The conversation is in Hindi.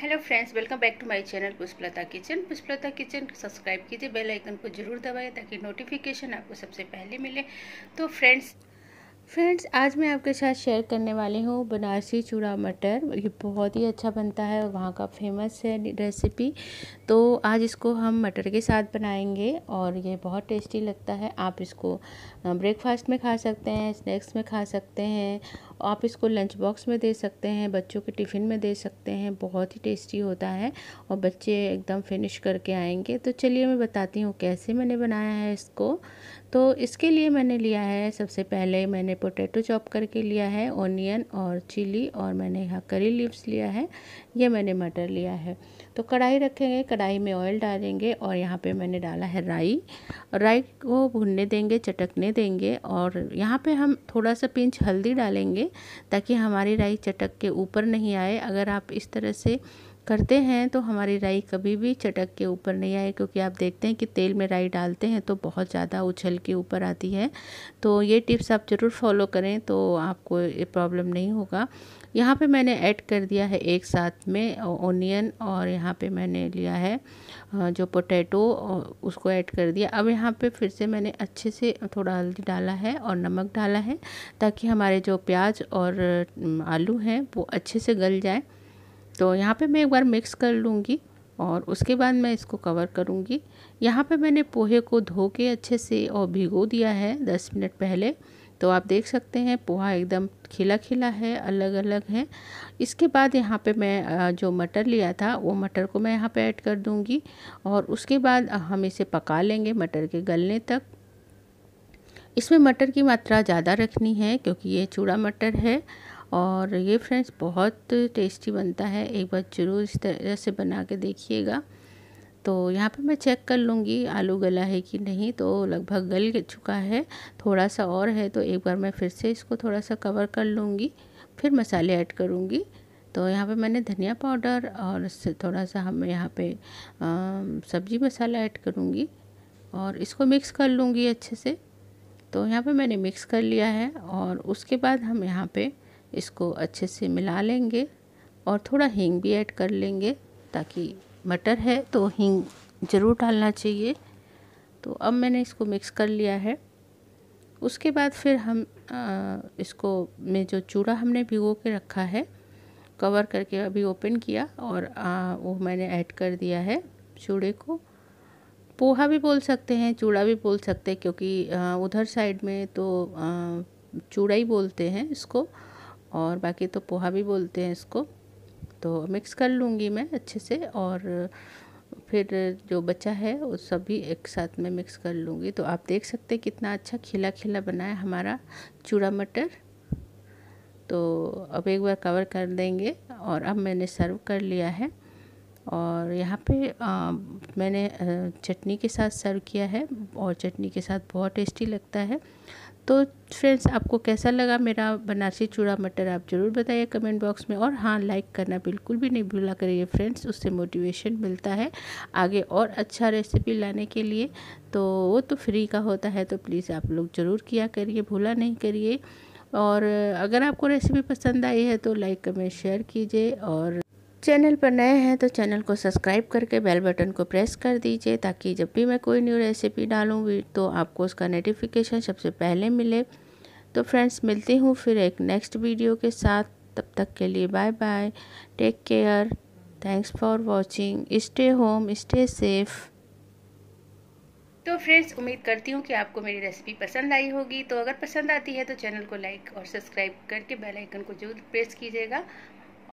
hello friends welcome back to my channel Pushpalata kitchen Pushpalata kitchen subscribe कीजिए बेल आइकन को ज़रूर दबाएं ताकि नोटिफिकेशन आपको सबसे पहले मिले तो फ्रेंड्स फ्रेंड्स आज मैं आपके साथ शेयर करने वाली हूँ बनारसी चूड़ा मटर ये बहुत ही अच्छा बनता है वहाँ का फेमस है रेसिपी तो आज इसको हम मटर के साथ बनाएंगे और ये बहुत टेस्टी लगता है आप इसको ब्रेकफास्ट में खा सकते हैं स्नैक्स में खा सकते हैं आप इसको लंच बॉक्स में दे सकते हैं बच्चों के टिफ़िन में दे सकते हैं बहुत ही टेस्टी होता है और बच्चे एकदम फिनिश करके आएंगे तो चलिए मैं बताती हूँ कैसे मैंने बनाया है इसको तो इसके लिए मैंने लिया है सबसे पहले मैंने पोटैटो चॉप करके लिया है ऑनियन और चिली और मैंने यहाँ करी लीव्स लिया है यह मैंने मटर लिया है तो कढ़ाई रखेंगे कढ़ाई में ऑयल डालेंगे और यहाँ पे मैंने डाला है राई राई को भुनने देंगे चटकने देंगे और यहाँ पे हम थोड़ा सा पिंच हल्दी डालेंगे ताकि हमारी राई चटक के ऊपर नहीं आए अगर आप इस तरह से करते हैं तो हमारी राई कभी भी चटक के ऊपर नहीं आए क्योंकि आप देखते हैं कि तेल में राई डालते हैं तो बहुत ज़्यादा उछल के ऊपर आती है तो ये टिप्स आप ज़रूर फॉलो करें तो आपको ये प्रॉब्लम नहीं होगा यहाँ पे मैंने ऐड कर दिया है एक साथ में ओनियन और यहाँ पे मैंने लिया है जो पोटैटो उसको ऐड कर दिया अब यहाँ पे फिर से मैंने अच्छे से थोड़ा हल्दी डाला है और नमक डाला है ताकि हमारे जो प्याज और आलू हैं वो अच्छे से गल जाए तो यहाँ पे मैं एक बार मिक्स कर लूँगी और उसके बाद मैं इसको कवर करूँगी यहाँ पे मैंने पोहे को धो के अच्छे से और भिगो दिया है दस मिनट पहले तो आप देख सकते हैं पोहा एकदम खिला खिला है अलग अलग है इसके बाद यहाँ पे मैं जो मटर लिया था वो मटर को मैं यहाँ पे ऐड कर दूँगी और उसके बाद हम इसे पका लेंगे मटर के गलने तक इसमें मटर की मात्रा ज़्यादा रखनी है क्योंकि ये चूड़ा मटर है और ये फ्रेंड्स बहुत टेस्टी बनता है एक बार ज़रूर इस तरह से बना के देखिएगा तो यहाँ पे मैं चेक कर लूँगी आलू गला है कि नहीं तो लगभग गल चुका है थोड़ा सा और है तो एक बार मैं फिर से इसको थोड़ा सा कवर कर लूँगी फिर मसाले ऐड करूँगी तो यहाँ पे मैंने धनिया पाउडर और थोड़ा सा हम यहाँ पे सब्ज़ी मसाला ऐड करूँगी और इसको मिक्स कर लूँगी अच्छे से तो यहाँ पे मैंने मिक्स कर लिया है और उसके बाद हम यहाँ पे इसको अच्छे से मिला लेंगे और थोड़ा हींग भी ऐड कर लेंगे ताकि मटर है तो हींग ज़रूर डालना चाहिए तो अब मैंने इसको मिक्स कर लिया है उसके बाद फिर हम आ, इसको में जो चूड़ा हमने भिगो के रखा है कवर करके अभी ओपन किया और आ, वो मैंने ऐड कर दिया है चूड़े को पोहा भी बोल सकते हैं चूड़ा भी बोल सकते हैं क्योंकि आ, उधर साइड में तो आ, चूड़ा ही बोलते हैं इसको और बाकी तो पोहा भी बोलते हैं इसको तो मिक्स कर लूँगी मैं अच्छे से और फिर जो बचा है वो सभी एक साथ में मिक्स कर लूँगी तो आप देख सकते हैं कितना अच्छा खिला खिला बना है हमारा चूड़ा मटर तो अब एक बार कवर कर देंगे और अब मैंने सर्व कर लिया है और यहाँ पे आ, मैंने चटनी के साथ सर्व किया है और चटनी के साथ बहुत टेस्टी लगता है तो फ्रेंड्स आपको कैसा लगा मेरा बनारसी चूड़ा मटर आप ज़रूर बताइए कमेंट बॉक्स में और हाँ लाइक करना बिल्कुल भी नहीं भूला करिए फ्रेंड्स उससे मोटिवेशन मिलता है आगे और अच्छा रेसिपी लाने के लिए तो वो तो फ्री का होता है तो प्लीज़ आप लोग ज़रूर किया करिए भूला नहीं करिए और अगर आपको रेसिपी पसंद आई है तो लाइक कमेंट शेयर कीजिए और चैनल पर नए हैं तो चैनल को सब्सक्राइब करके बेल बटन को प्रेस कर दीजिए ताकि जब भी मैं कोई न्यू रेसिपी डालूँ तो आपको उसका नोटिफिकेशन सबसे पहले मिले तो फ्रेंड्स मिलती हूँ फिर एक नेक्स्ट वीडियो के साथ तब तक के लिए bye bye take care thanks for watching stay home stay safe तो फ्रेंड्स उम्मीद करती हूँ कि आपको मेरी रेसिपी पसंद आई होगी तो अगर पसंद आती है तो चैनल को लाइक और सब्सक्राइब करके बेल आइकन को जरूर प्रेस कीजिएगा